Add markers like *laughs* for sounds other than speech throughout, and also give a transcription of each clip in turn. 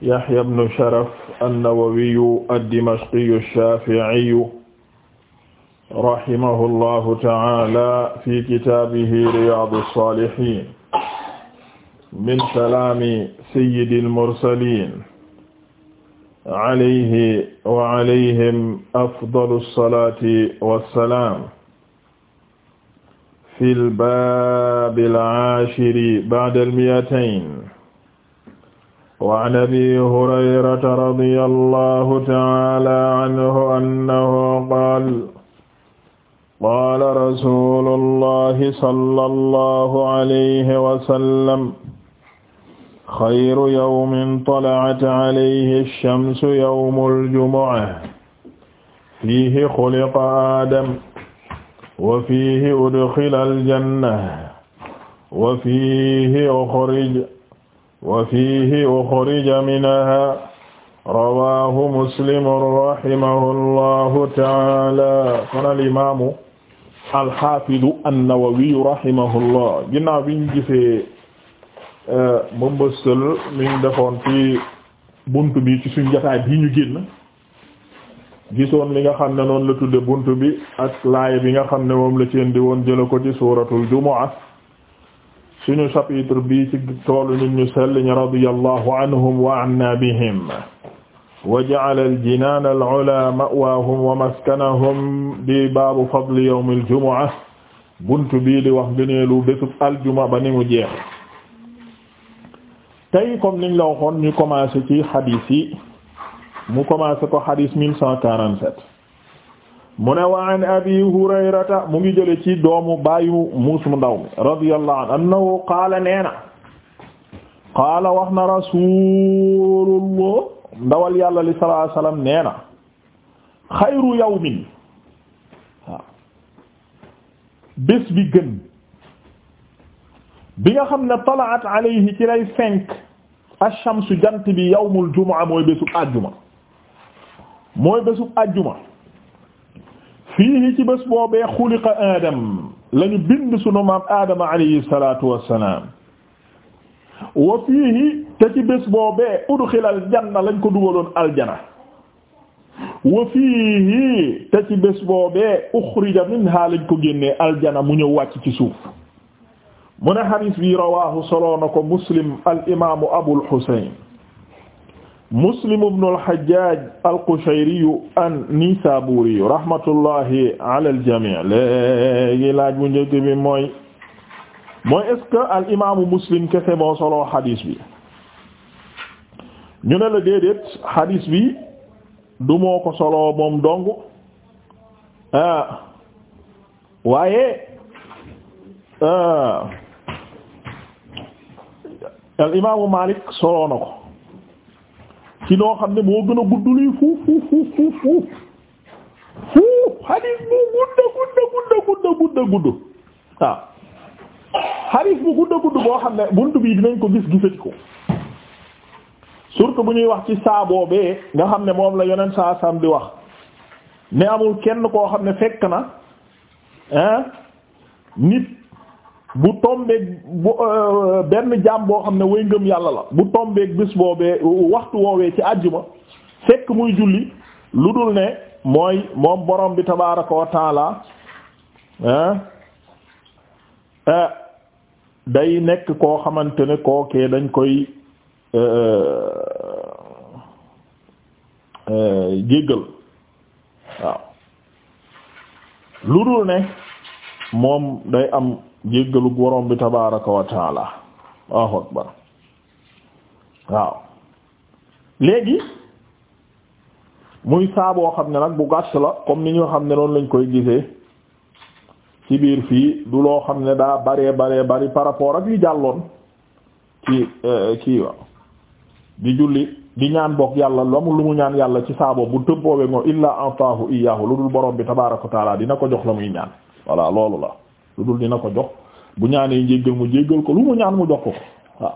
Yahya ibn Sharaf an-Nawawiyu ad-Dimashqiyu ash-Shafi'iyu rahimahullahu ta'ala fi kitaabihi Riyaadu s-Saalihiin min kalaami sayyidil mursaliin alayhi wa alayhim afdalu s-salaati wa s-salaam fil baabil aashiri ba'dal mi'atayn waan abi hurayrata radiya allahu taala anhu annahu qaala qaala rasuulullahi sallallahu alayhi wa sallam xayru yawmin tala'at alayhi ash-shamsu yawmul jumu'a fiihi xuliqa aadam wa fiihi udxila al-janna wa fiihi uxrija wa fiihi uxrija minhaa rawaahu muslim rahimahullahu taala kon al alxaafidu annawawiyu rahimahullah ginnaaw bi ñu gisee euh, mbëmbëstal mi ñu defoon ci bunt bi ci suñu jotaay bii ñu génn gisoon li nga xam ne noonu la tudde bunt bi ak laaya bi nga xam ne moom la ci indi woon jëla ko ci suuratul jumu'a suñu chapitre bi ci toolu nit ñu sell ñi radiyallahu anhum wa anna bihim wa ja'ala al-jinaan al-'ulaa ma'waahum wa maskanahum di baabu fadli yawm al-jumu'a bunt wax gëneelu bésub aljuma ba ni mu jeex tey comme niñ la waxoon ñu commencé ci xadiis yi mu commencé ko xadiis mille cent mu ne wa abi hurayrata mu ngi jële ci doomu baayu mu ndaw mi radiyallahu anhu annahu qaala nee na qaala wax na rasulullah ndawal yàlla li sallallahu alayhi wasallam na xayru yawmin waaw bés bi gën bi nga xam ne talaat alayhi ci jant bi yawmul jumaa mooy bésub àjjuma fii ci bés boobee xuliqa Adam lañu bind sunu maam Adama alayhi salaatu wa salaam wa fiihi te ci bés boobee udxila aljanna lañ ko dugaloon aljana wa fiihi te ci bés boobee uxrija minha lañ ko génnee aljana mu ñëw wàcc ci suuf mu ne xadiis bi rawaahu solo na ko muslim al imaamu abul xusayn Muslim ibn al-Hajjaj al-Qushayri an-Nisaburi rahmatullahi al-jami' léegi laaj mu njëkk bi mooy mooy est que al imaamu Muslim kese moo solo hadis bi ñu ne la déedéet hadis bi du moo ko solo moom dong ah waaye ah al imaamu Malik solo na ko. ci loo xam ne moo gën a gudd lii fuuf fuuf fuuf fuuf fuuf fuuf xadiis bu gudda gudda gudda gudda gudda gudd waaw xadiis bu gudda gudd boo xam ne bunt bii dinañ ko gis gisati ko surtout bu ñuy wax ci saa boobee nga xam ne moom la yeneen saa sam di wax ne amul kenn koo xam ne fekk na hein nit bu tombeeg bu euh, benn jaam boo xam ne way ngëm yàlla la bu tombeeg bés boobee waxtu woowee ci àjjuma fekk muy julli lu dul ne mooy moom borom bi tabaaraka wa taala euh, day nekk koo xamante ne kookee dañ koy euh, jéggal waaw lu dul ne moom day am jéggalu borom bi tabaraka wa waaw léegi muy saaboo xam ne nag bu gàtt la comme ni ñoo xam ne noonu lañ koy gisee ci biir fii du loo xam ne daa bare baree bari par rapport ak yu jàlloon ci euh, kii wa di julli di ñaan bokk yàlla lamul lu mu ñaan yàlla ci saaboo bu tëb boobee moo illaa antaahu iyaahu lu dul borom bi tabaraka wa dina ko jox la muy ñaan voilà loolu la lu dul dina ko jox bu ñaanee njéggal mu jéggal ko lu mu ñaan mu jox ko waaw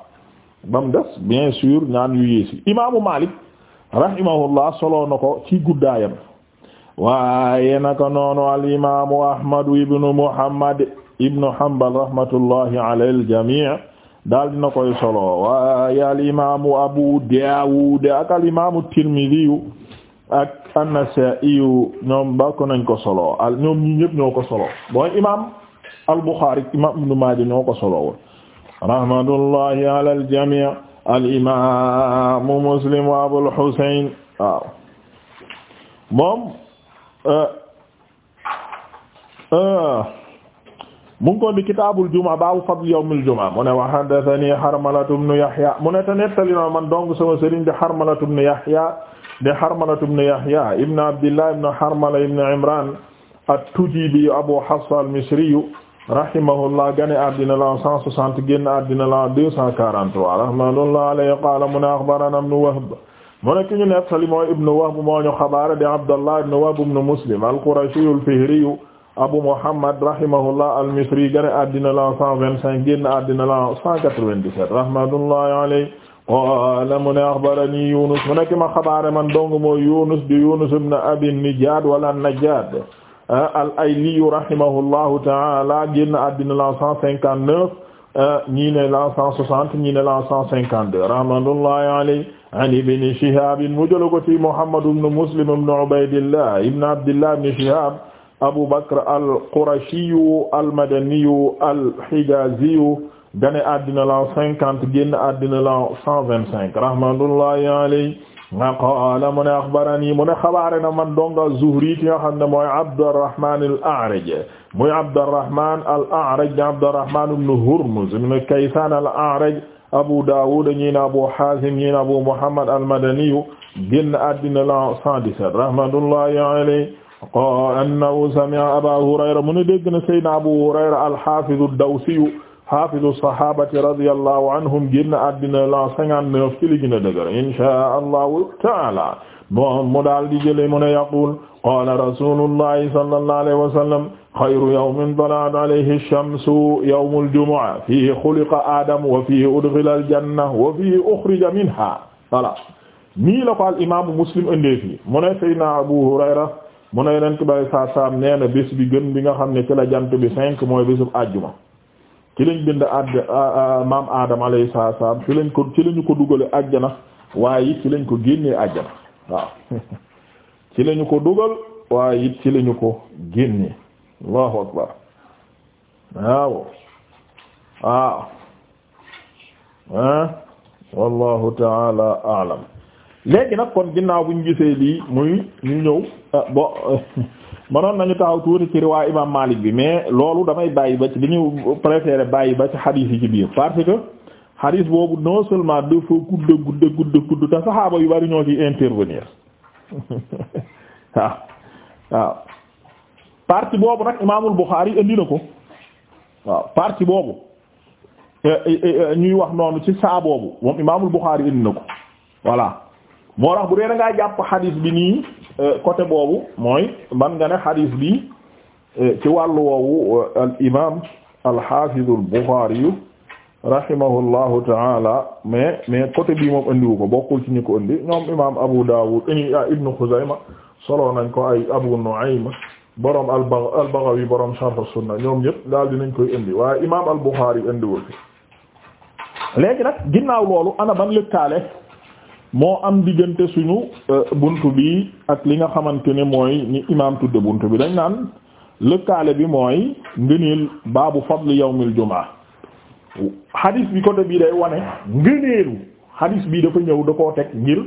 ba mu des bien sûr ñaan yu yées yi imaamu Maalik rahimahullah soloo na ko ci guddaayam waaye naka noonu al imaamu Ahmadu ibnu Muhammad ibnu Hanbal rahmatullahi ala al jamii daal dina koy solo waaye al imaamu Abu Daawud ak al imaamu Tirmidi ak An-Nasaa'i ñoom bokk nañ ko solo al ñoom ñi ñëpp ñoo ko solo mooy imaam al-Bukhari imam Ibn Maaja ñoo ko solo woon rahmatullahi ala al-jamii al-imam Muslim wa Abul Husayn waaw moom euh, euh, mu ngi ko di kitaabul jumaa baabu fadl yawmil jumaa mu ne wa haddathani Harmalatu ibn Yahya mu ne te nettali na man dong sama sëriñ di Harmalatu ibn Yahya di Harmalatu ibn Yahya ibn Abdillah ibn Harmala ibn Imran at-Tujibi Abu Hafsa al-Misri rahimahullah gane addina la 160 génn addina la 243 rahmatullahi alayhi qala mu ne akhbarana ibn Wahb mu ne ki ñu nettali mooy ibn Wahb moo ñu xabaar di Abdullah ibn Wahb ibn Muslim al-Qurashi al-Fihri Abu Muhammad rahimahullah al-Misri gane addina la 125 génn addina la 197 rahmatullahi alayhi qala mu ne akhbarani Yunus mu ne ki ma xabaar man dong mooy Yunus di Yunus ibn Abi Najjad wala Najjad Euh, al ayliyu rahimahullahu taala génn àddina la cent cinquante neuf euh, ñii ne la cent soixante ñii ne la cent cinquante deux rahmatullahi alayhi an ibni Shihab mu jëla ko ci Muhammad ibn Muslim ibn Ubaydillah ibn Abdillah ibn Shihab Abu Bakr al-Qurashiyu al-Madaniyu al-Hijaziyu gane àddina la cinquante génn àddina la cent vingt cinq rahmatullahi alayhi ma qaala mu ne axbarani mu ne xabaare na man dong az-Zuhri ki nga xam ne mooy Abdurrahman al-A'raj muy Abdurrahman al-A'raj Abdurrahman ibn Hurmuz ibn Kaysan al-A'raj Abu Dawud ñi na Abu Hazim ñi na Abu Muhammad al-Madani génn àddina la 117 rahmatullahi alayhi qaala annahu sami'a Aba Hurayra mu ne dégg na Sayyidina Abu Hurayra al-Hafiz ad-Dawsi hafizu sahabati radiyallahu anhum génn àddina la cinquante-neuf ci li gën a dëgër inshaa allahu taala bon mu daal di jële mu ne yaqul qaala rasulullahi sallallahu alayhi wa sallam xayru yawmin tala'at alayhi ash-shamsu yawmul jumu'a fihi xuliqa aadam wa fihi udxila al-janna wa fihi uxrija minha voilà nii la ko al imaamu muslim ëndee fii mu ne sayyidina abu hurayra mu ne yonent bi saa saam nee na bés bi gën bi nga xam ne ci la jant bi cinq mooy bésub àjjuma ci lañ bind add maam Adam alayhi salaam ci lañ ko ci lañu ko dugale ajjana waaye it ci lañ ko génnee ajjana waaw *laughs* ci lañu ko dugal waaye it ci lañu ko génnee allahu akbar waaw waaw ah wallahu taala alam léegi nag kon ginnaaw buñ gisee lii muy ñu ñëw ah, *laughs* mënoon nañu taxaw tuuti ci riwaa imam Malik bi mais loolu damay bàyyi ba ci dañu préféré bàyyi ba ci xadiis yi ci biir parce que xadiis boobu non seulement dafa gudda gudda gudda gudd te saxaaba yu bari ñoo ci intervenir *laughs* waaw waaw boobu nag imaamul Bukhari indi na ko waaw parti boobu eh, eh, eh, ñuy wax noonu ci saa boobu moom imaamul Bukhari indi na ko voilà moo tax bu dee da jàpp xadiis bi nii Euh, côté boobu mooy man nga ne xadis bii euh, ci wàllu woowu euh, al imam al hafiz al Bukhari rahimahullahu taala mais mais côté bi moom andiwu ko bokkul ci ñu ko andi ñoom imam Abu Dawud ah, ibnu Xuzayma solo nañ ko ay Abu Nu'aym borom al Baghawi borom Sharh as-Sunna ñoom ñëpp daal nañ koy indi waaye imam al Bukhari andiwul fi léegi nag ginnaaw loolu ana ban lëkkaale moo am diggante suñu euh, bunt bi ak li nga xamante ne mooy ni imaam tudde buntu bi dañ naan lëkkaale bi mooy ngëneel baabu yow yawmil jumaa hadis bi côté bii day wane ngëneelu hadis bi dafa ñëw da koo teg ngir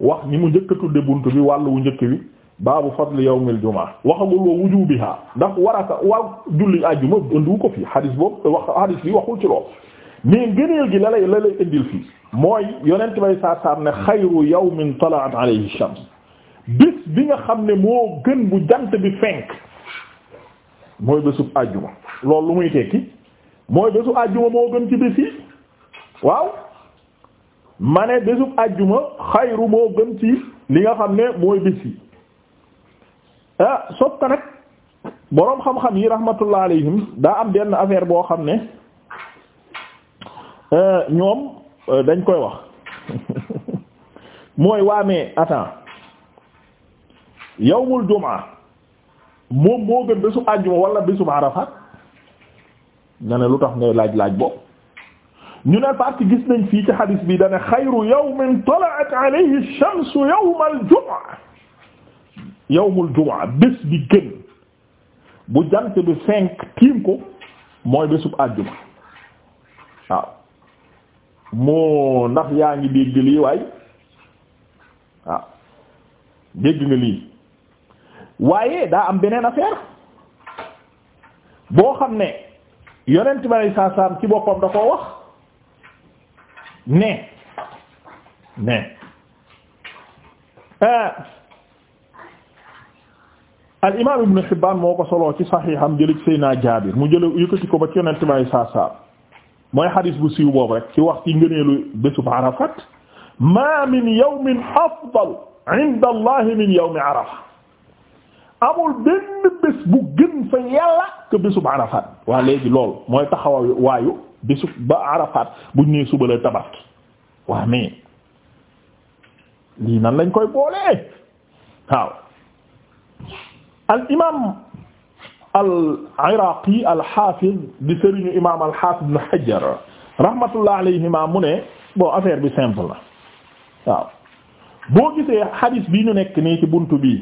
wax ni mu njëkk a tudde buntu bi wàll wu njëkk bi baabu fadli yawmil jumaa waxagul bi wujubiha ndax war aka war julli àjjuma ëndiwu ko fi hadis boobu wax hadis bi waxul ci lool mais ngëneel gi la lay la lay indil fii mooy yonent bay saa saam ne xayru yawmin tala'at alayhi shams bés bi nga xam ne moo gën bu jant bi fenk mooy bésub àjjuma loolu lu muy tekki mooy bésu àjjuma moo gën ci bés yi waaw ma ne bésub àjjuma xayru moo gën ci li nga xam ne mooy bés yi ah soog nag boroom xam-xam yi rahmatullah alayhim daa am benn affaire boo xam ne. Euh, ñoom euh, dañ koy wax mooy waamee attends yawmul jumaa moom moo gën bésu àjjuma wala bésu Arafat nga ne lu tax ngay laaj laaj boobu ñu ne parce que gis nañ fii ci hadis bi dane xayru yawmin tala'at alayhi ash-shamsu yawmal jumaa yawmul jumaa bés bi gën bu jant bi cinq tiim ko mooy bésub àjjuma waaw moo ndax yaa ngi dégg lii waaye dégg nga lii waaye daa am beneen affaire boo xam ne yonent ba ne saasaam ci boppam da koo wax ne ne euh, al imaam ibnu Hibbaan moo ko soloo ci saxiixam jële ci Seydina Jaabir mu jële yëkkati ko ba ci yonent ba ne saasaam mooy xadis bu siiw boobu rek ci wax ci ngëneelu bésub arafat ma min yawmin afdal inda allah min yawmi arafa amul benn bés bu gën fa arafat waa léegi lool mooy taxawa waayu bésub ba arafat buñ nee suba la waa mais lii nan lañ koy boolee waaw al al iraqi al xaafiz di sëriñu imaam al xaafiz ibn Hajar rahmatullah alayhima mu ne boo affaire bi simple la waaw boo gisee hadith bi ñu nekk nii ci bunt bi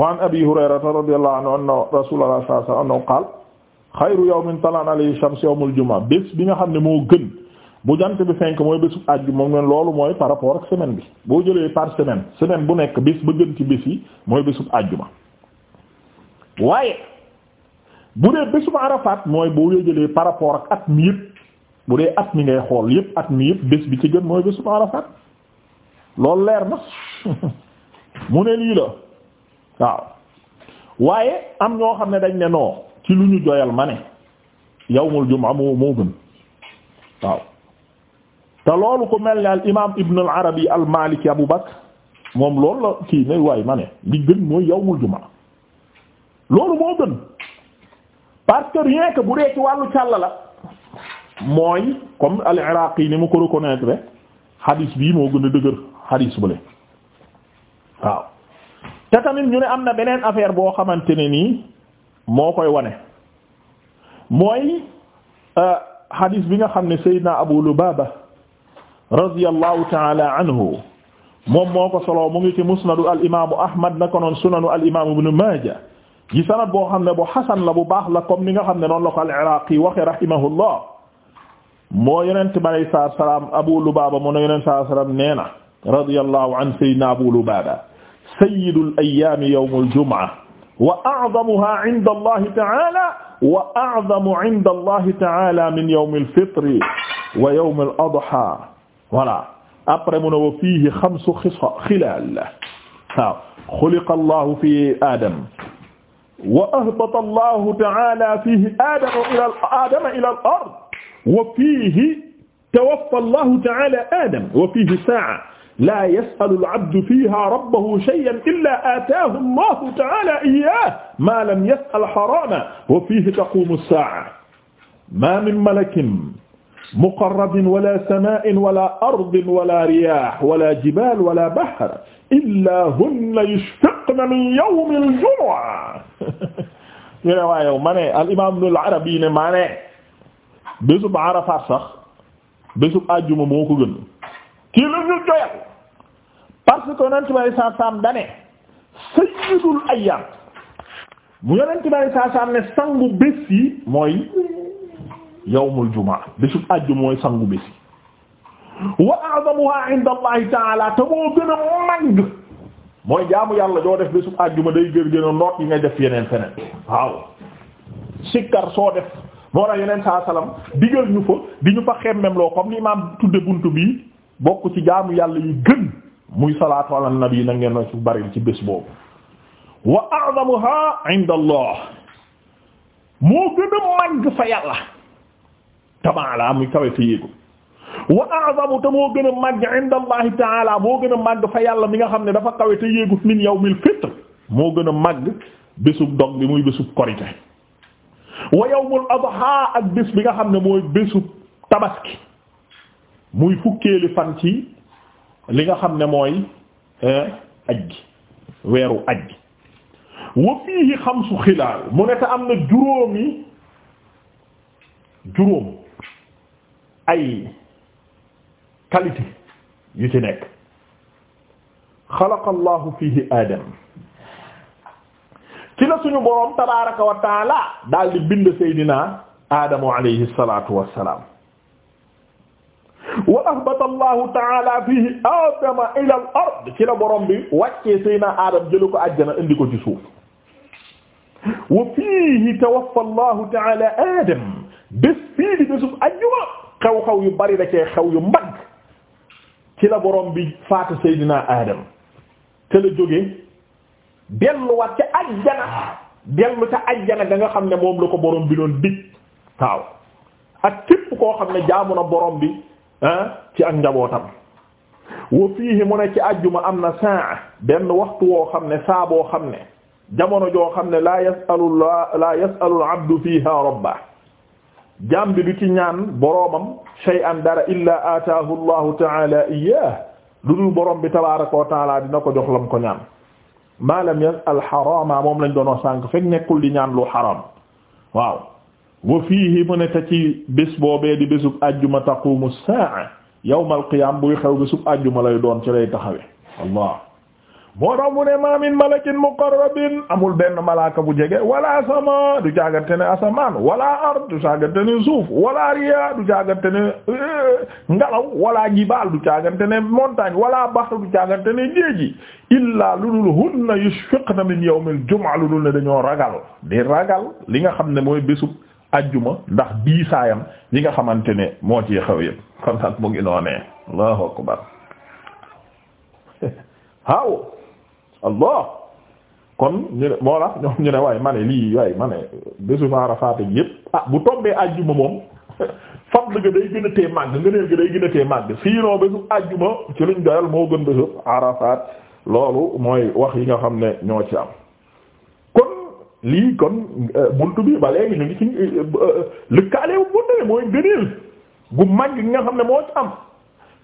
wa an abi hurayrata radiyallahu anhu anna rasulullah sallallahu alayhi wasallam annahu qaal xayru yawmin talaan alayhi shams yawmul jumaa bés bi nga xam ne moo gën bu jant bi fenk mooy bésu àjjuma moom leen loolu mooy par rapport ak semaine bi boo jëlee par semaine semaine bu nekk bés ba gën ci bés yi mooy bésu àjjuma waaye bu dee bésub Arafat mooy boo yëgalee par rapport ak at mi yëpp bu dee at mi ngay xool yëpp at mi yëpp bés bi ci gën mooy bésub Arafat loolu leer ma *laughs* mu ne lii la waaw waaye am ñoo xam ne dañ ne non ci lu ñu joyal ma ne yawmul jumaa moo moo gën waaw te loolu ku mel ni al imaam Ibn al Arabi al Maliki Abu Bakr moom loolu la kii ne waaye ma ne li gën mooy yawmul jumaa loolu moo gën parce que rien que bu dee ci càll la mooy comme al-Iraqi ni mu ko reconnaître xadis bii moo gën a dëgër xadis bu te tamit ñu ne am na beneen affaire boo xamante ne nii moo koy wane mooy xadis euh, bi nga xam ne Seydina Abu Lubaba radiyallahu ta'ala anhu moom moo ko soloo mu ngi ci musnadu al imaamu Ahmad naka noonu sunanu al imaamu Ibn Maaja ci sanad boo xam ne bu xasan la bu baax la comme ni nga xam ne noonu la ko al-Iraqi waxe rahimahullah moo yonent bi alayhi salaatu salaam Abu Lubaaba mu ne yonent salaatu salaam nee na radiyallahu an sayyidina Abu Lubaaba sayyidul ayyaami yawmul jumu'a wa a'zamuha 'inda Allahi ta'aala wa a'zamu 'inda Allahi ta'aala min yawmil fitri wa yawmil adhaa voilà après mu ne wa fiihi xamsu xilaal waaw xuliqa Allahu fii Aadam wa ahbata allahu ta'ala fiihi aadama ila aadama ila al-ard wa fiihi tawaffa allahu ta'ala aadama wa fiihi saa'a laa yas'alu al-'abdu fiihaa rabbahu shay'an illaa aataahu allahu ta'ala iyyaahu maa lam yas'al haraaman wa fiihi taquumu as-saa'a maa min malakin muqarrabin wala samaa'in wala ardin wala riyaah wala jibaal wala bahr illaa hunna yushfiqna min yawmi al-jumu'a *laughs* ñu ne waa yow ma ne al-imaam Ibnul Arabi ne maa ne bésub Arafat sax bésub àjjuma moo ko gën kii la ñu joyal parce que Yonent bi saa saam saa saam ne sangu mooy yowmu jumaa bésub àjju mooy sangu bési wa a'zamuha inda allahi te moo gën a màgg mooy jaamu yàlla doo def bésub àjjuma day gër gën a noot yi ngay def yeneen feneen waaw sikkar soo def moo tax yeneen saa salaam digal ñu fa di ñu fa xemmem loo comme ni imaam tudde bunt bii bokk ci jaamu yàlla yu gën muy salaatu ala nabi na ngeen ci bari ci bés boobu wa a'zamuha inda moo gën a màgg fa yàlla tabaala muy kawe te yéegu wa a'zamu te moo gën a màgg inda allahi taala moo gën a màgg fa yàlla mi nga xam ne dafa kawe te yéegu min yawmil fitr moo gën a màgg bésub dog bi muy bésub korite wa yawmul adha ak bés bi nga xam ne mooy bésu tabaski muy fukkeeli fan ci li nga xam ne mooy eh, aj gi weeru aj gi wa fiihi xamsu xilaal mu ne te am na juróomi juróom ay qualité yu ci nekk xalaqa allahu fihi aadam ci la suñu boroom tabaraka wa taala daal di bind seydina aadamu alayhi salatu wassalaam wa ahbata allahu taala fihi aadama ila al ard ci la boroom bi wàccee seydina aadam jëlu ko àjjana indi ko ci suuf wa fiihi tawaffa allahu taala aadam bés fii di bésub àjjuma xew-xew yu bari da cee xew yu mag ci la borom bi faatu Seydina Adam te la jóge delluwaat ca ajjana dellu ca ajjana da nga xam ne moom la ko borom bi doon dig waaw ak képp koo xam ne jaamu na borom bi ah ci ak njabootam. wa fiihi mu ne ci ajjuma am na saa benn waxtu woo xam ne saa boo xam ne jamono joo xam ne laa yasalu laa yasalu al abdu fiiha rabba jaam bi du ci ñaan boroomam shay'an dara illa ataahu allahu taala iyaah lu dul boroom bi tabaaraka wa taala dina ko jox lam ko ñaan ma lam yas'al xarama moom lañ doonoo sànk fekk nekkul di ñaan lu xaram waaw wa fiihi mu ne te ci bés boobee di bésub àjjuma taqumu saa yawmal qiyaam buy xew bésub àjjuma lay doon ci lay taxawe allah moo tax mu ne ma min malakin muqarrabin amul benn malaaka bu jege wala sama du jaagante ne asamaan wala ard du jaagante ne suuf wala riya du jaagante ne euh, ngalaw wala jibaal du jaagante ne montagne wala bahr du jaagante ne géeji illaa ludul hunna yushfiqna min yawmil jumu'a ludul ne dañoo ragal di ragal li nga xam ne mooy bésub ajjuma ndax diisaayam li nga xamante ne moo ci xew yëpp kon nag mu ngi noonee allahu akbar waaw *laughs* allah kon ñu ne moo tax ñu ne waaye ma ne lii waaye ma ne bésu Arafat yëpp ah bu tombee àjjuma moom *laughs* fadl ga gën a tee màgg ngëneel ga day gën a tee màgg sinon bésu àjjuma ci luñ doyal moo gën bésu Arafat loolu mooy wax yi nga xam ne ñoo ci am. kon lii kon euh, buntu bi ba léegi ñu ngi ci euh, lëkkaale bu buntu bi mooy ngëneel gu mag gi nga xam ne moo ci am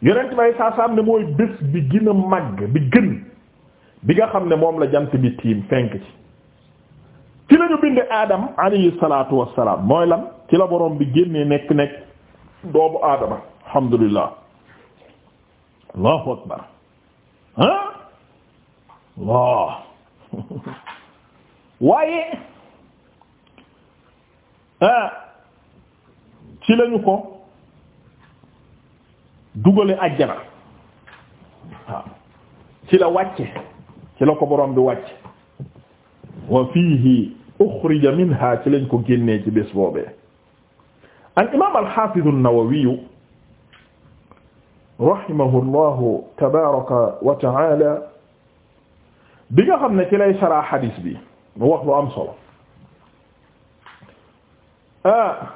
yeneen may sàà ne mooy bés bi gën a màgg bi gën. bi nga xam ne moom la jant bi tiim fenk ci ci la ñu aadam alayhi salaatu wassalaam mooy lan ci la borom bi génnee nekk nekk doomu aadama alhamdulillah allahu akbar ah Allah *laughs* waaye ah ci lañu ko dugale ajjana waaw ci la wàcce ci la ko borom bi wàcc wa fiihi uxrija minha ci lañ ko génnee ci bés boobee al imaam al xaafidu an-Nawawi rahimahu llahu tabaraka wa taala bi nga xam ne ci lay saraa xadiis bi mu wax lu am solo ah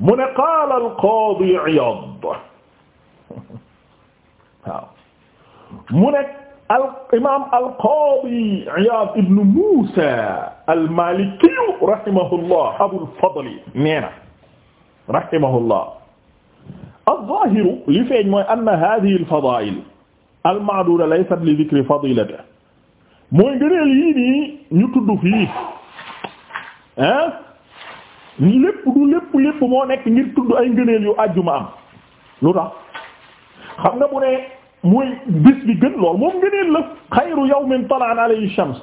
mu ne qaala al qaadi Iyaad *laughs* waaw mu nekk al imaam al qaadi ibn Muusa al Maaliki rahimahullah Abul Fadli nee na rahimahullah az-zaahiru li feeñ mooy anna haadihi al fadaa'il al ma'duuda li dhikri fadiilatihi mooy ngëneel yii nii ñu tudd fii ah lépp du lépp lépp moo nekk ngir tudd ay ngëneel yu àjjuma am lu tax nga bu ne. mooy bis bi gën lool moom ngëneel la xayru yawmin tala'at alayhi shams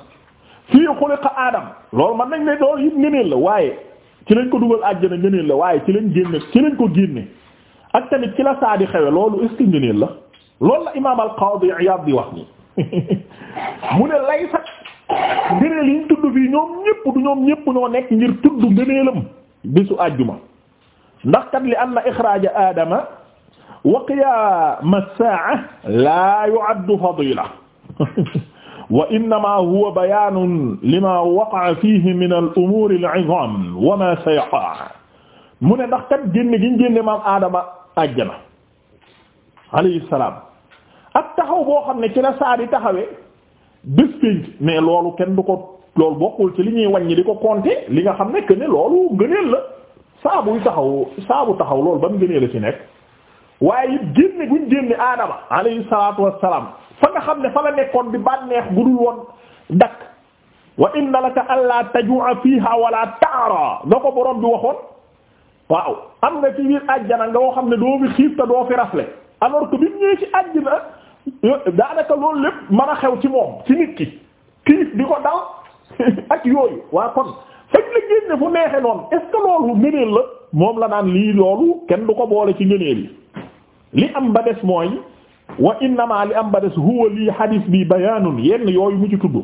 fii xuliqa adam loolu man nañ ne loolu yit la waaye ci lañ ko dugal àjjana ngëneel la waaye ci lañ génne ci lañ ko génne ak tamit ci di xewe loolu est-ce que ngëneel la loolu la imaam al-Qaadi Iyaad di wax nii *laughs* mu ne lay sax ngëneel yi ñu tudd fii ñoom ñépp du ñoom ñépp ñoo nekk ngir tudd ngëneelam bisu àjjuma ndax kat li anna ixraaja aadama wa qiyaam as-saa'a laa yu'addu fadiila wa innama huwa bayaanun limaa waqa'a fiihi min al-umuur al-'izaam wa maa sayaqa'u mu ne ndax kat génne gi ñu génne maam aadama àjjana alayhi salaam taxaw boo xam ne ci la saa di taxawee bés pénc loolu kenn du ko loolu bokkul ci li ñuy wàññi di ko compter li nga xam ne que ne loolu gëneel la saa buy taxaw saa bu taxaw loolu ban gëneel la ci nekk. waaye it génne guñ génne aadama alayhi salaatu wassalaam fa nga xam ne fa la nekkoon di bànneex bu dul woon dakk wa ko borom bi waxoon waaw am nga ci biir àjjana nga woo xam ne doo fi xiif te doo fi rafle alors que ñëwee ci àjjana daanaka loolu lépp mën a xew ci moom ci nit ki xiif di ko dal *laughs* ak yooyu waa kon fañ la génne fu neexe noonu est loolu ngëneel la moom la naan lii loolu kenn du ko boole ci ngëneel yi li am ba des mooy wa innama li am ba des huwa lii hadith bi bayaanun yenn yooyu mu ci tudd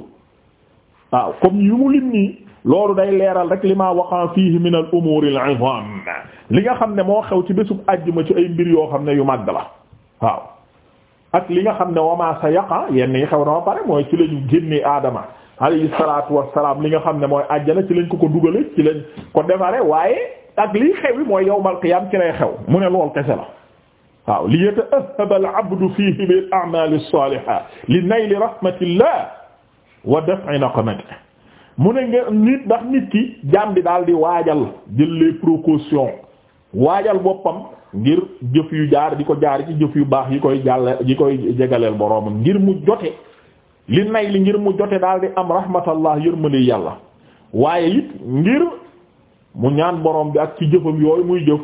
waaw comme yu mu lim nii loolu day leeral rek li ma waqa fiihi min al umur al izam li nga xam ne moo xew ci bésub àjjuma ci ay mbir yoo xam ne yu màgg la waaw ak li nga xam ne wama sa yaqa yenn yi xew na ba pare mooy ci lañu génnee aadama alayhi salaatu wassalaam li nga xam ne mooy àjjana ci lañ ko ko dugale ci lañ ko defare waaye ak liy xew yi mooy yawmal qiyaam ci lay xew mu ne waaw li yata'ahhaba al-'abdu fiihi bil a'maali s-saaliha li nayli rahmatillah wa daf'i naqmatihi mu ne nga nit ndax nit ki jaam bi daal di waajal jël les waajal boppam ngir jëf yu jaar di ko jaar ci jëf yu baax yi koy jàlle yi koy jegaleel boroomam ngir mu jote li nay li ngir mu jote daal di am rahmatallah yërmali yàlla waaye it ngir mu ñaan boroom bi ak ci jëfam yooyu muy jëf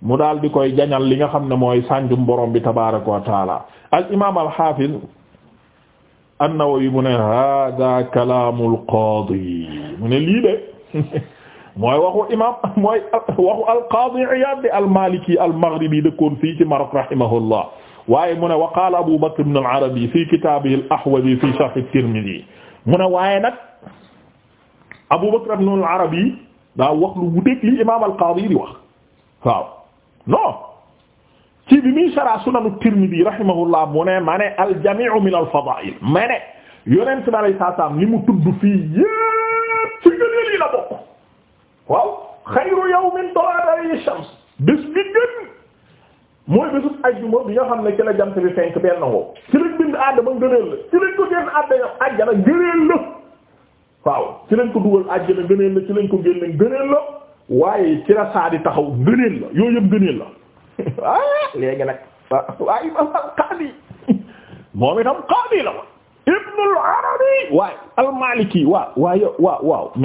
mu daal di koy jañal li nga xam ne mooy sànjum borom bi tabaaraka wa al imaam al xaafiz an-Nawawi mu ne hada mu ne lii de *laughs* mooy waxu imaam mooy waxu al qaadi Iyaad al Maaliki al Maghribi waaye mu ne wa qaala Abu Bakr ibn al Arabi fii kitaabihi al Ahwazi fii sharh mu ne waaye nag Abu Bakr ibn al daa wax lu wuteek li imaam al di wax non ci bi muy sara sunanu Tirmidhi rahimahullah mu ne ma ne al jami'u al fadaa'il ma ne yonent bi alayhi li mu tudd fii yépp ci ngëneel yi la bokk waaw xayru yawmin tala'at alayhi shams bés bi gën mooy bésu ajjuma bi nga xam ne ci la jant bi fenk benn ngoo ci lañ bind aadama ngëneel la ci lañ ko génn addana ajjana ngëneel la waaw ci lañ ko dugal ajjana ngëneel la ci lañ ko génne ngëneel la waaye ci la saadi taxaw ngëneel la yooyu yëpp ngëneel la *laughs* ah léegi nag ah, waaye imam al-Qaadi moom itam qaadi la wa ibnul Arabi waaye al-Maliki waaw waaye waaw waaw *laughs*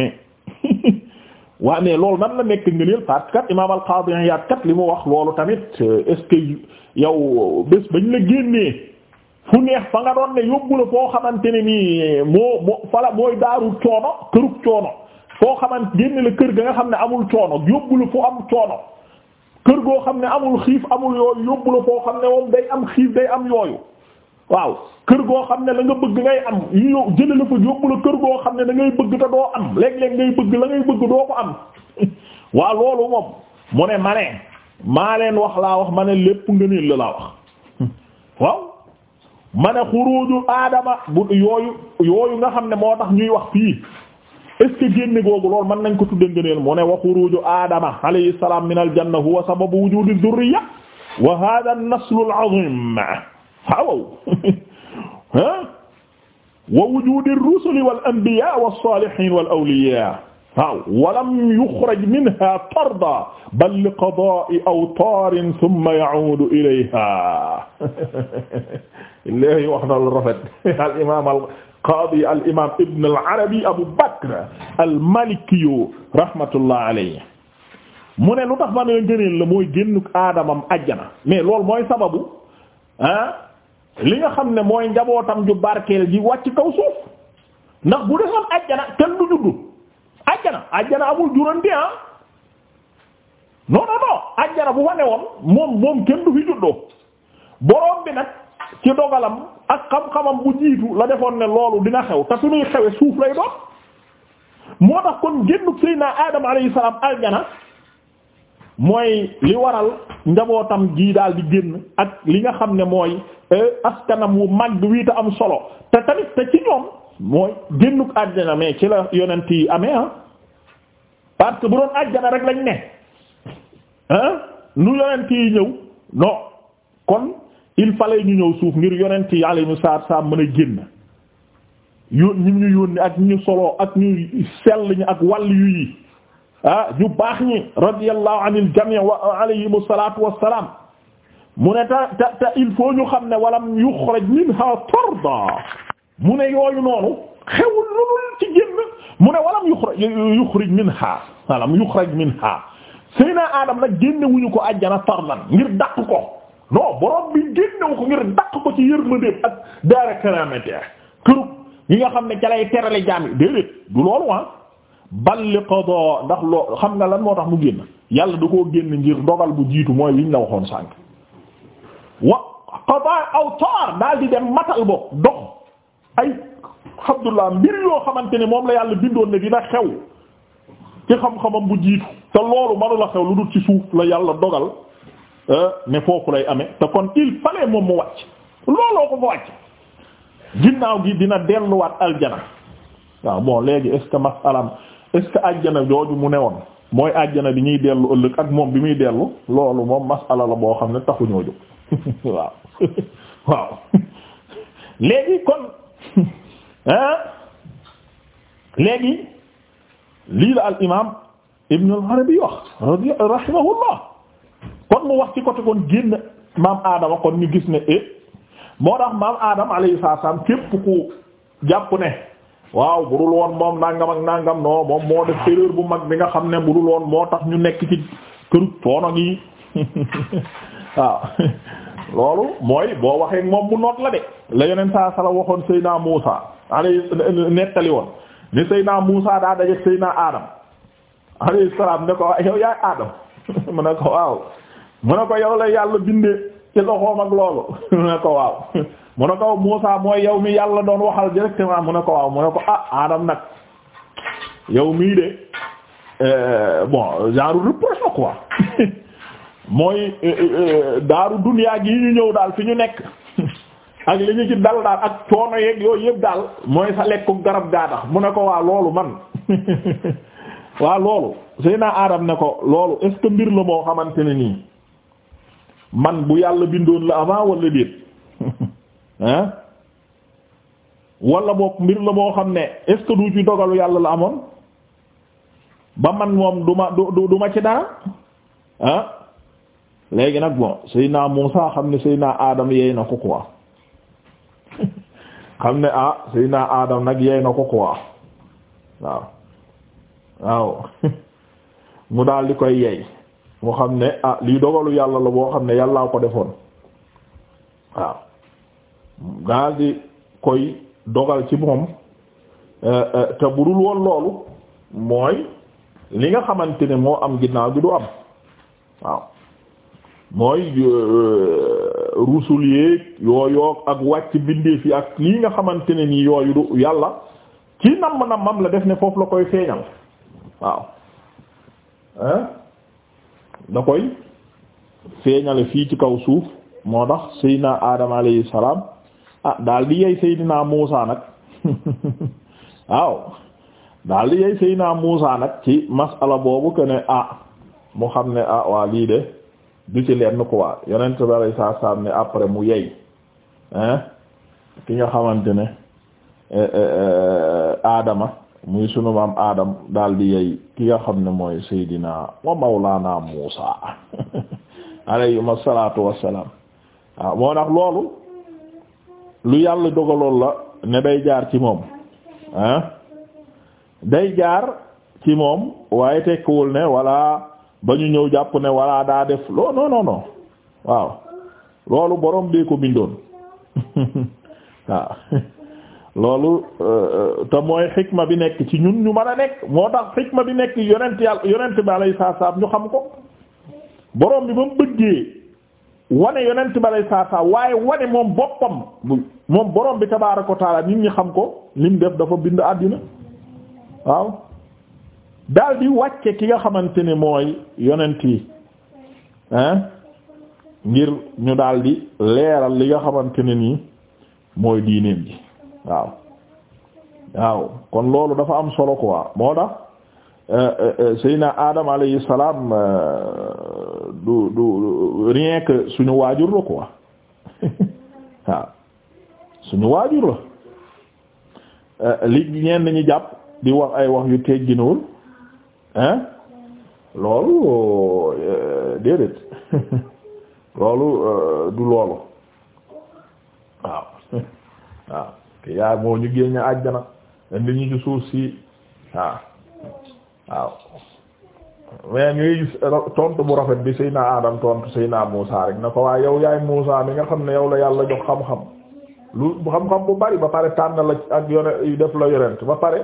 waaw mais loolu nan la nekk ngëneel parce que imam al-Qaadi Iyaad kat li mu wax loolu tamit euh, est-ce que yow bés bañ la génnee fu neex fa nga doon ne yóbbu la foo xamante ne nii moo moo fala mooy daaru coono kërug coono foo xamant génn la kër ga nga xam ne amul coono yóbbu la fu am coono kër goo xam ne amul xiif amul yooyu yóbbu la foo xam ne moom day am xiif day am yooyu waaw kër goo xam ne la nga ngay am yi yow jële la fa yóbbu xam ne da ngay bëgg te doo am léeg-léeg ngay bëgg la ngay bëgg doo ko am *laughs* waaw loolu moom mu ne ma maa leen wax laa wax ma ne lépp ngëneel la laa wax *laughs* waaw ma ne xuruuju aadama yooyu nga xam ne moo tax ñuy wax fii est ce que génne googu loolu mën nañ ko tudde ngëneel mu ne wa xuruju aadama alayhi salaam min al janna huwa sababu wujudi dhurriya wa hadha an-nasl al-azim waaw wa wujudi ar-rusuli wal anbiya was-salihin wal awliya waaw walam yukhraj minha tarda bal li qada'i awtarin thumma ya'udu ilayha *laughs* illahi wax na lu rafet *laughs* al imam qaadi al imaam Ibn al Arabi Abu Bakr al Malikiyu rahmatullah mu ne lu tax ma ne ngëneel la mooy génn aadamam ajjana mais loolu mooy sababu ah li nga xam ne mooy njabootam ju barkeel ji wàcc kaw suuf ndax bu desoon ajjana kenn du juddu ajjana ajjana amul jurante ah non non ajjana bu fa newoon moom moom kenn du fi juddoo borom bi nag. ci dogalam ak xam-xamam bu jiitu la defoon ne loolu dina xew te suñuy xewe suuf lay doon moo tax kon génnug Seydina Adam alayhi salaam aljana mooy li waral njabootam gii daal di génn ak li nga xam ne mooy e, askanam wu mag wi te am solo te tamit te ci ñoom mooy génnug aljana mais ci la yonent yi amee ah parce que bu doon aljana rek lañ ne ah lu yonent yi ñëw non kon. il fallait ñu ñëw suuf ngir yonent yi alayhimu salaam mu a génn yoon ñu yónni ak ñu solo ak ñu sell ñi ak wàll yu yi ah ñu baax ñi radiyallahu anil jami' wa alayhimu salaatu mu ne ta ta il faut ñu xam ne walam yukhraj minha tarda mu ne yooyu noonu xewul lu ci génn mu ne walam yukhraj yukhrij minha walam yukhraj minha seyna Adam nag génne wuñu ko àjjana tardan ngir dàq ko non borom bi génnew ko ngir daq ko ci yërmandeem ak daara karamate kërug yi nga xam ne ca lay terale jaam yi déedéet du loolu ah bal li ndax loo xam nga lan moo tax mu génn yàlla du koo génn ngir dogal bu jiitu mooy liñ la waxoon sànk wa qada awtar daal di dem matal bo dox ay Abdullah ne moom la yàlla bindoon ne dina xew ci xam-xamam bu jiitu te loolu mënu la xew lu dul ci suuf la yàlla dogal ne euh, foofu lay ame te kon il fallait moom mu wàcc looloo ko fa wàcc ginnaaw gi dina delluwaat aljana waaw bon léegi est ce que masalam est ce que jooju mu ne woon mooy ajjana bi ñuy dellu ëllëg ak moom bi muy dellu loolu moom masala la boo xam ne taxuñoo jóg *laughs* waaw *laughs* *laughs* léegi kon ah léegi lii la al imam ibn al arabi wax rahimahullah kon mu wax ci côté kon génn maam Adama kon ñu gis ne e moo tax maam Adama alayhi salaam ne waaw budul woon moom nangam ak nangam mag bi nga xam ne budul moo tax ñu nekk ci këru coono gi *laughs* waaw loolu mooy saa sala waxoon Seyna Muusa alayhi nettali woon ni Seyna Muusa daa daje Seyna salaam ne ko yow yaay Adam *laughs* mu ne ko waaw. mu ne ko yow la yàlla bindee ci loxoom ak loolu *laughs* mu ne ko waaw *laughs* mu ne ko Muusa mooy yow mi yàlla doon waxal directement mu ne ko waaw mu ne ko ah Adam nag yow mii de euh, bon genre reproche la quoi *laughs* mooy euh, euh, daaru duniyaa gi ñu ñëw daal fi ñu nekk ak li ñu ci dal daal ak coono yeeg yooyu daal mooy sa lekku garab gaa tax mu ne ko waa loolu man waa loolu sëy naa Adam ne ko loolu est mbir la moo xamante ne nii man bu yàlla bindoon la avant wala déet ah *laughs* wala boog mbir ma moo xam ne est-ce que du dogalu yàlla la amoon ba man moom du ma du du ma ci dara ah léegi nag bon moom Muusa xam ne naa Adam yeey na ko quoi *laughs* xam ne ah Seydina Adam nag yeey na ko quoi waaw waaw *laughs* mu daal di koy yeey mu xam ne ah lii dogalu yàlla la boo xam ne yàllaa ko defoon waaw daal di koy dogal ci moom eh, eh, te bu dul woon loolu mooy li nga xamante ne moo am ginnaaw gi du am waaw mooy eh, rusul yéeg yooyoog ak wàcc bindeef yi ak lii nga xamante ne nii yooyu du yàlla ci namm nammam la def ne foofu la koy feeñal waaw ah da koy feeñale fii ci kaw suuf moo tax seydina Adama alayhi salaam ah daal di yey seydina Muusa nag *laughs* waaw daal di yey seydina Muusa nag ci masala boobu que ne ah mu xam ne ah waa lii de du ci lenn quoi yonent bi alayhi ne après mu yey hein ki nga xamante ne eh, eh, eh, Adama. muy sunu maam aadam daal di yey ki nga xam ne mooy Seydina wa Mawlana Muusa *laughs* alayhuma salaatu wassalaam waaw ah, moo tax loolu lu yàlla dogaloon la ne day jaar ci moom ah day jaar ci moom waaye tekkiwul ne walla ba ñu ñëw jàpp ne walla daa def loo non waaw loolu borom bee ko bindoon *laughs* waaw *laughs* loolu euh, euh, te mooy xikma bi nekk ci ñun ñu mën a nekk moo tax xikma bi nekk yonent yàlla yonent bi alayhi salaam ñu xam ko borom bi ba mu bëggee wane yonent bi alayhi salaam waaye wane moom boppam moom borom bi tabaaraka ko taala nit ñi xam ko lim def dafa bind àddina waaw daal di wàcce ki nga xamante ne mooy yonent yi ah ngir ñu daal di leeral li nga xamante ne nii mooy diineem ji waaw waaw kon loolu dafa am solo quoi moo tax euh, euh, euh, Seydina Adam alayhi salaam du du rien que suñu waajur la quoi *laughs* waaw suñu waajur la li ñenn ñi jàpp di wax ay wax yu tegginuwul hein loolu déedéet *laughs* loolu du loolu waaw *laughs* waaw te moo ñu génne àjjana indi ñu ci suuf si waaw waaw mais ñuy gis tontu bu rafet bi Seyna Adam tontu Seyna Muusa rek na ko waaye yow yaay Muusa mi nga xam ne yow la yàlla jox xam-xam lu xam-xam bu bari ba pare tànn la ak yone def la yorent ba pare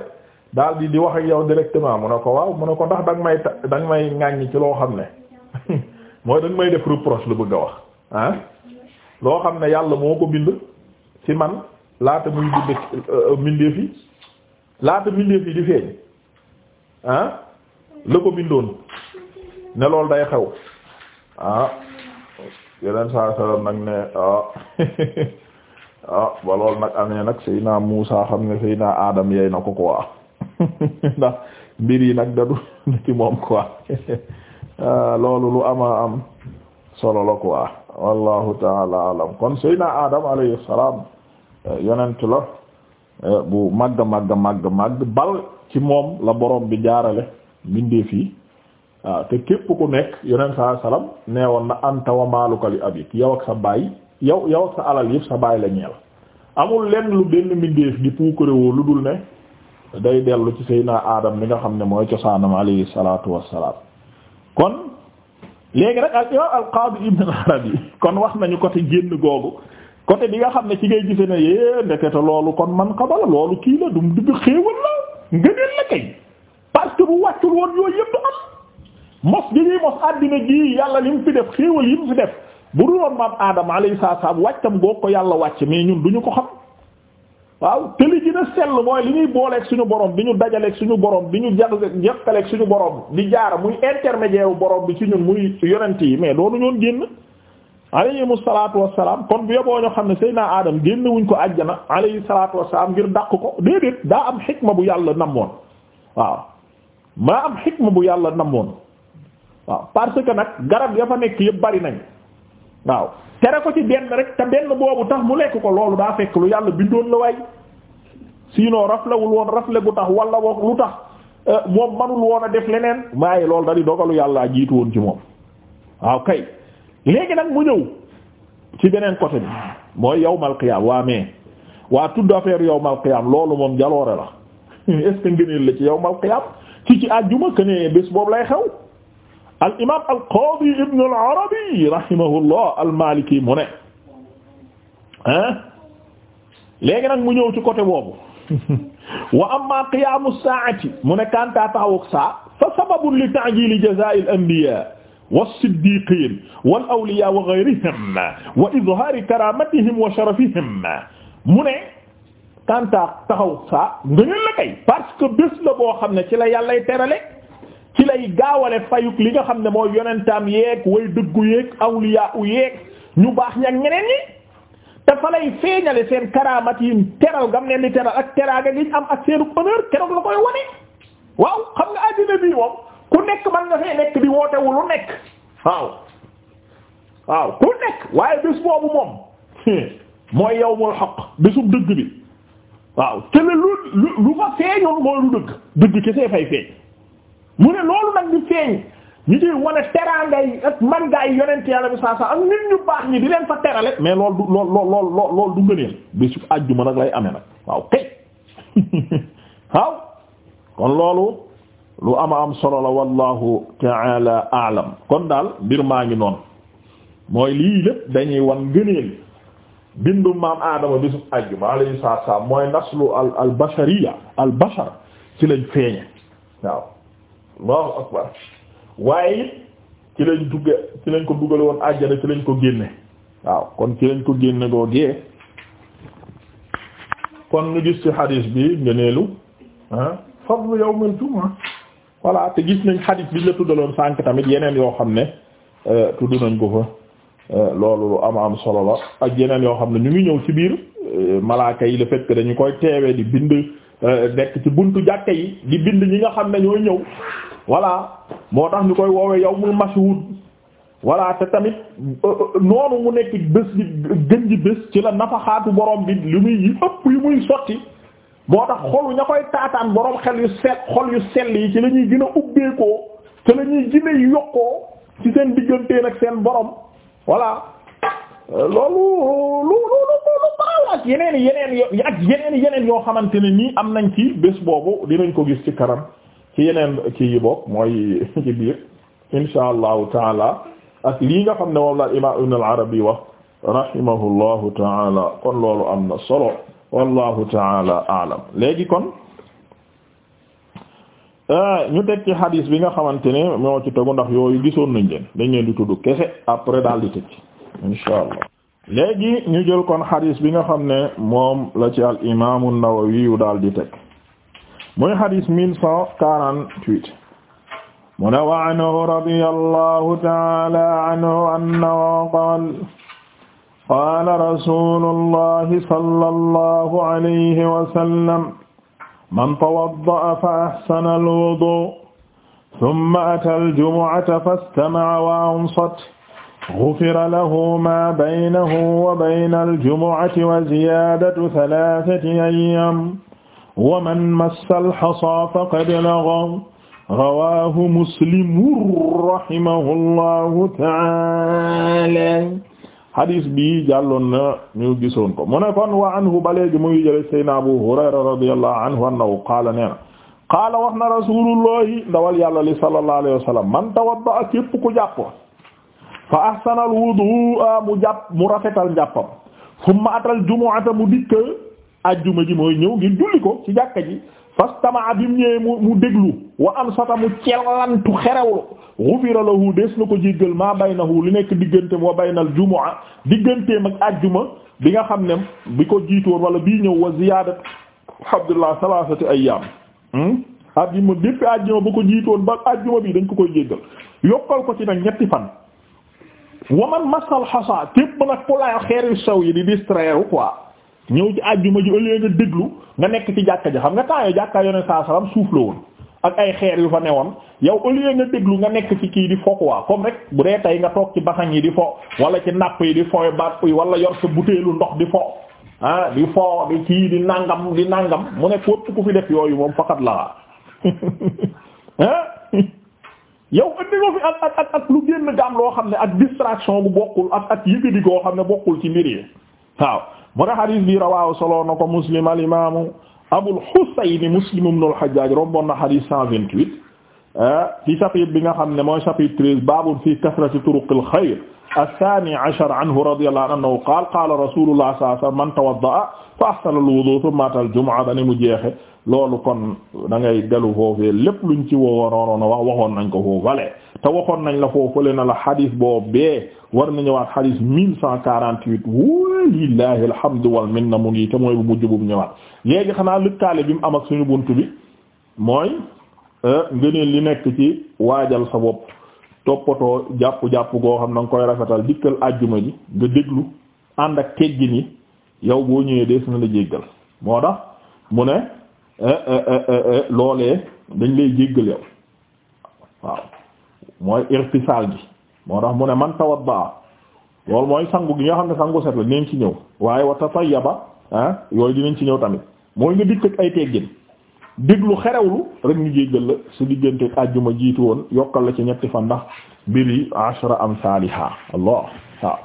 daal di di wax ak yow directement mu ne ko waaw mu ne ko ndax danga may danga may ŋàññ ci loo xam ne *laughs* mooy danga may def reproche lu bëgg a wax ah loo xam ne yàlla moo ko bind ci man laata muy bind euh, euh, mbindeef laata mbindeef di feeñ ah la ko bindoon ne loolu day xew ah yeneen saa salaam nag ne ah, *laughs* ah ba loolu nag amee nag Seydina Muusa xam ne Seydina Adam yey na ko quoi *laughs* ndax mbir yi nag da du *laughs* ci moom quoi ah, loolu lu ama am solo la quoi wallahu taala alam kon Seydina Adam alayhi salaam yonent la eh, bu màgg màgg màgg màgg bal ci moom la borom bi jaarale bindee fii waaw ah, te képp ku nekk yonent saa salaam nee woon na anta wa maaluka li abik yow ak sa baay yow yow ak sa alal yëpp sa baay la ñeel amul lenn lu benn mbindeef di puukarewoo lu dul ne day dellu ci Seydina Adam bi nga xam ne mooy cosaanam alayhi salaatu wassalaam kon léegi nag al imaam al qaadi ibn arabi kon wax nañu côté génn googu côté bi nga xam ne ci ngay gise ne yée ndekete loolu kon man xabala loolu kii la dum du xéewal la ngëneel la kay parce que bu wàccul woon yooyu yëpp du am mos gi ñuy mos àddina gi yàlla li mu fi def xéewal yi mu fi def bu dul woon maam aadama alayhi salaam wàccam goo ko yàlla wàcc mais ñun duñu ko xam waaw te li gën a sell mooy li ñuy booleeg suñu borom bi ñu dajaleeg suñu borom bi ñu jakkaleeg suñu borom di jaar muy intermédiaire borom bi ci ñun muy yonent yi mais doonu ñoon génn alayhimu salaatu wassalaam kon bu yoboo ñoo xam ne Seydina Adam génne wuñ ko àjjana alayhi salaatu wassalaam ngir dàq ko déedéet daa am xikma bu yàlla namoon waaw maa am xikma bu yàlla namoon waaw parce que nag garab ya fa nekk yëpp bari nañ waaw tere ko ci benn rek te benn boobu tax mu lekk ko loolu daa fekk lu yàlla bindoon la waay sinon raflewul woon rafle gu tax walla woog lu tax euh, moom manul woon a def leneen waaye loolu da di dogalu yàlla jiitu woon ci moom waaw léegi nag mu ñëw ci beneen côté bi mooy yawmal qiyaam waa mais waa tudd affaire yawmal qiyaam loolu moom jaloore la *laughs* est-ce que ngëneel la ci yawmal qiyaam ci ci àjjuma que ne lay xew al imaam al qaadi ibn al arabi rahimahullah al maliki mu ne ah nag mu ñëw ci côté boobu *laughs* wa amma qiyaamu saa'ati mu ne kanta taxawuk saa fa sababun li ta'jiili jazaa'il anbiyaa wa والصديقين والأولياء وغيرهم وإظهار كرامتهم وشرفهم mu ne kanta taxaw sa ngëneel la kay parce que bés la boo xam ne ci la yàllay terale ci lay gaawale fayuk li nga xam ne mooy yonentaam yeeg way dëggu yeeg awliya u yeeg ñu baax ña ak ñeneen ñi te fa lay feeñale seen karaamat yi teral gam leen di teral ak teraanga gi am ak seenu honneur keroog la koy wane waaw xam nga àddina bii moom ku nekk man nga fee nekk di wootewu lu nekk waaw waaw ku nekk waaye bés boobu moom *laughs* mooy yawmul haqq bésub dëgg bi waaw te la lu lu fa feeñoon mooy lu dëgg dëgg kese fay feeñ mu ne loolu nag di feeñ ñu ciy wane teraangay man gaay yonent yàlla bi saa saa ak nit ñu baax ñi di leen fa terale mais loolu du lool lool lool lool du ngëneel bésu àjjuma nag lay amee nag waaw kay *laughs* waaw kon loolu lu ama am solo la wallahu ta'ala a'lam kon daal mbir maa ngi noon mooy lii lépp dañuy wan ngëneel bindu maam aadama bisu ajjuma alayhi salaatu salaam mooy naslu al al bashariya al bashar ci lañ feeñe waaw allahu akbar waaye it ci lañ dugge ci lañ ko duggale àjjana ci lañ ko génne waaw kon ci lañ ko génne googee kon ñu gis ci hadis bi ngëneelu ah fadlu yawmul jumaa voilà te gis nañ xarit bi la tuddaloon sànq tamit yeneen yoo xam ne euh, tudd nañ ko fa euh, loolu lu am am solo la ak yeneen yoo xam ne ñu ngi ñëw ci biir euh, malaaka yi le fait dañu koy teewee di bind nekk ci buntu jàkke yi di bind ñi nga xam ne ñooy ñëw voilà moo tax ñu koy woowee yawmul mashhud voilà te tamit noonu mu nekk bés gën ji bés ci la nafaxaatu borom bi li muy ëpp yi muy sotti moo tax xolu ña koy taataan boroom xel yu set xol yu sell yi ci la ñuy a ubbeekoo ci la ñuy gën a yokkoo ci seen digganteen ak seen borom voilà loolu lu lu lu ak yeneen yeneen ak yeneen yeneen yoo xamante ni nii am nañ ci bés boobu dinañ ko gis ci karam ci yeneen ci yi mooy ci biir insha allahu taala ak lii nga xam ne moom la imaam Ibn al-Arabi wax rahimahullahu taala kon loolu am na solo wallahu taala alam léegi kon euh, ñu teg ci hadis bi nga xamante ne moo ci tegu ndax yooyu gisoon nañ leen dañ leen di tudd kese après daal di tëj insha allah léegi ñu jël kon hadis bi nga xam ne moom la ci al imaamu Nawawi yu daal di teg muy hadis mille cent quarante-huit mu ne wa anhu radiyallahu taala anhu annahu qaala qaala rasuulullahi sallallahu alayhi wa sallam man tawadda'a fa ahsana al-wuduu'a summa ataa al-jumu'ata fastama'a wa ansata gufira lahu maa baynahu wa bayna al-jumu'ati wa ziyaadatu salaasati ayyaam wa man massa al-hasaa faqad laghaa rawaahu muslim rahimahullahu ta'aala hadis bi jàlloon na ñu gisoon ko mu ne kon wa anhu ba mu ngi jële sayna Abu Hurayra radiyallahu anhu annahu qaala nee qaala wax na rasulullahi ndawal yàlla li sallallahu alayhi wa man tawadda képp ku jàpp fa ahsana alwudu'a mu jàpp mu rafetal njàppam summa atal jumu'ata mu dikk ajjuma ji mooy ñëw ngir julli ko ci jàkka ji fastamaa bi mu ñëwee mu mu déglu wa ansata mu cellantu xerewlu ghufira lahu des na ko jéggal maa baynahu li nekk digganteem wa baynal jumaa digganteem ak ajjuma bi nga xam ne bi ko jiitoon wala bi ñëw wa ziyaadat Abdullah salaasati ayyaam hmm? ajjuma depuis ajjuma ba ko jiitoon ba ajjuma bi dañ ko koy jéggal yokkal ko ci nag ñetti fan wa man masal xasaa tépp nag ku laal xeer yu sew yi di distraire quoi. ñëw ci àjjuma ju au lieu nga déglu nga nekk ci jàkka ji xam nga temps yoo jàkka yoneen saa suuf la woon ak ay xeer yu fa newoon yow au lieu nga déglu nga nekk ci kii di fo quoi comme rek bu dee tey nga toog ci basan yi di fo wala ci napp yi di fo baat yi wala yor sa butéelu ndox di fo ah di fo di kii di nangam di nangam mu ne képp ku fi def yooyu moom fakat la *laughs* ah *laughs* yow andi nga fi ak ak lu génn gaam loo xam ne ak distraction bu bokkul ak ak yëgadi goo xam ne bokkul ci mbir yi mu ne xadis bi rawaaw solo na ko muslim al imaamu abul husayn muslim ibn al hajjaj romboon na xadis cent vingt-huit ah, ci chapitre bi nga xam ne mooy chapitre treize baabun fi kasrati turuqil xayr as-saani ashar anhu radiyallahu anhu qaala qaala rasulullah sallallahu alayhi wa sallam man tawadda'a fa ahsana al-wudu' thumma ata al-jumu'a ba ni mu jeexe loolu kon da ngay dellu foofee lépp lu luñ ci woowoonoonoona wax waxoon nañ ko foofu vale te waxoon nañ la foofale na la xadis boobee war nañu waat xadis mille cent quarante-huit walillahi alhamdu wal minna mu ngi te mooy bu mujj bu mu ñëwaat léegi xanaa lëkkaale bi mu am ak suñu bunt bi mooy euh, ngëneel li nekk ci waajal sa bopp toppatoo jàpp-jàpp goo xam na nga koy rafetal dikkal àjjuma ji nga déglu ànd ak teggin ni yow boo ñëwee dees na la jéggal moo tax ne Eh, eh, eh, loolee dañ lay jéggal yow waaw mooy irtisaal gi moo tax mu ne man tawadda loolu mooy sangu gi nga xam ne sangu set la dinañ ci ñëw waaye wa tatayyaba ah yooyu dinañ ci ñëw tamit mooy nga dikk ak ay teggin déglu xerewlu rek ñu jéggal la su diggante àjjuma jiitu woon yokkal la ci ñetti fan ndax mbir yi ashra am saaliha allah waaw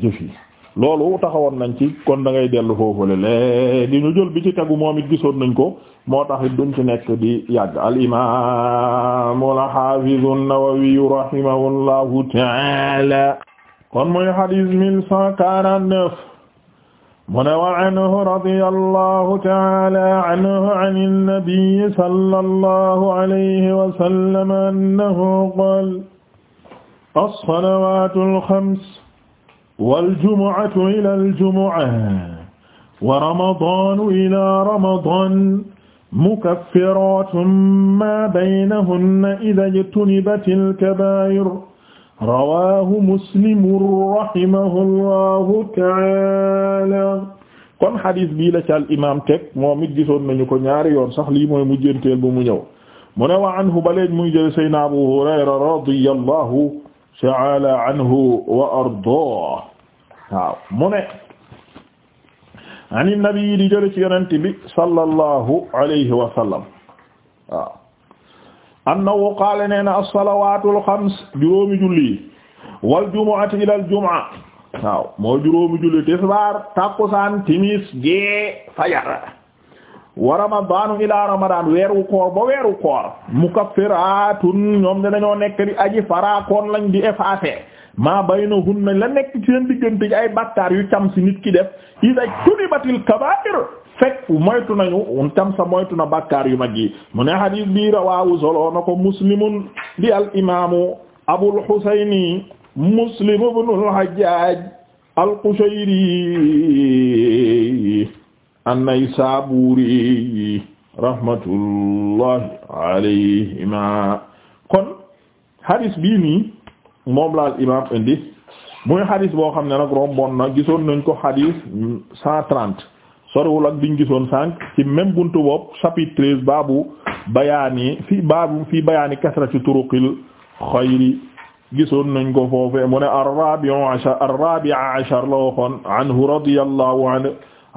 jëf yi loolu taxawoon nañ ci kon da ngay dellu foofule léegi ñu jël bi ci tegu moom it gisoon nañ ko moo tax it duñ ci nekk di yàgg al imam al hafiz an-Nawawi rahimahullahu ta'ala kon muy hadith mille cent quarante-neuf mu ne wa anhu radiyallahu ta'ala anhu ani an-nabi sallallahu alayhi wa sallam annahu qala as-salawatu al-khams waljumuatu ila aljumua wa ramadanu ila ramadan mukaffiratun ma baynahunna ida ijtunibati alkabair rawahu muslimun rahimahullahu taala kon xadis bii la ci al imam teg moom it gisoon nañu ko ñaari yoon sax lii mooy mujjënteel bu mu ñëw mu ne wa anhu baleej muy jël sayna abu hurayra radiyallahu ta'ala anhu wa ardaah waaw mu ne ani nabi di jële ci yonent bi sallallahu alayhi wa sallam waaw annahu qaala nee na as-salawaatul xams juróomi julli wal jumu'ati ilal jumu'a moo juróomi julli tisbaar timis gee fajar wa ramadaanu ila ramadaan weeru koor ba weeru koor mukaffiratun ñoom dinañoo nekk di aji faraakoon lañ di effacer maa baynahunna la nekk ci seen diggante ci ay bakkaar yu cam si nit ki def iza tunibatil kabaa'ir fekk moytu nañu un cam sa moytu na bakkaar yu mag yi mu ne hadis bi rawaahu solo na ko muslimun di al imaamu abul husayni muslim ibnul hajjaaj al qushayri an-naysaburi rahmatullahi alayhima kon hadis bi nii moom la al imaam indi muy xadis boo xam ne nag rombon na gisoon nañ ko xadis cent trente sorwul ak biñ gisoon sànq ci même buntu bopp chapitre treize baabu bayaani fi baabu fi bayaani kasrati turuqil xayri gisoon nañ ko foofe mu ne arrabiu ashar arrabi ashar la waxoon anhu radiyallahu anhu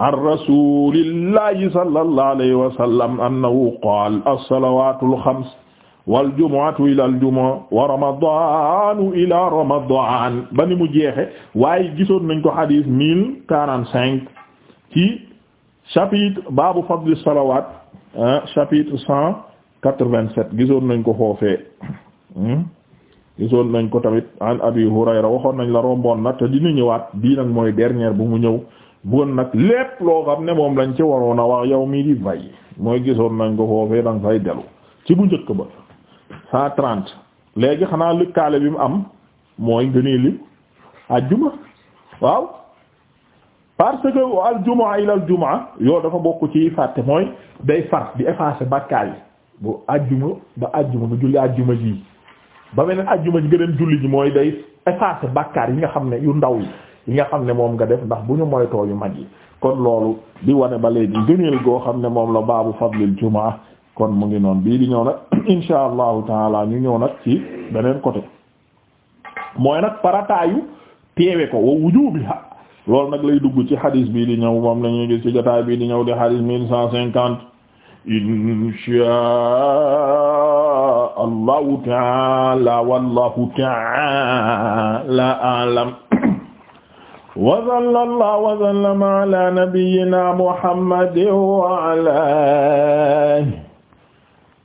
an rasulillahi sallallahu alayhi wa sallam annahu qaala as-salawatul xams waljumuatu ila aljuma wa ramadanu ila ramadan ba ni mu jeexe waaye gisoon nañ ko hadith mille quarante cinq ci chapitre babu fadli salawat chapitre cent quatre-vingt-sept gisoon nañ ko foofee gisoon nañ ko tamit an abi hurayra waxoon nañ la romboon na te dina ñëwaat bii mooy dernière bu mu ñëw bëggoon nag lépp loo xam ne moom lañ ci waroon a wax yow mii di bay mooy gisoon nañ ko foofee danga fay dellu ci bu njëkk ba cent trente léegi xanaa lëkkaale bi mu am mooy ngëneelu ajjuma waaw parce que aljumaa ila aljumaa yow dafa bokk ci fàtte mooy day far di effacer bàkkaar yi bu ajjuma ba ajjuma nga julli ajjuma ji ba beneen ajjuma ji nga dem julli ji mooy day effacer bàkkaar yi nga xam ne yu ndaw yi yi nga xam ne moom nga def ndax bu ñu moytoo yu mag yi kon loolu di wane ba léegi ngëneel goo xam ne moom la baabu fadlil jumaa kon mu ngi noonu bii di ñëw nag *clears throat* insha allahu taala ñu ñëw nag ci beneen côté mooy nag parataayu teewe ko wa wujubiha loolu nag lay dugg ci hadis bii di ñëw moom la ñuy gis ci jotaay bii di ñëw di hadis mille cent cinquante insha allahu taala wallahu taala alam *clears throat* wa sallallahu wa sallama ala nabiyyina muhammadin wa ala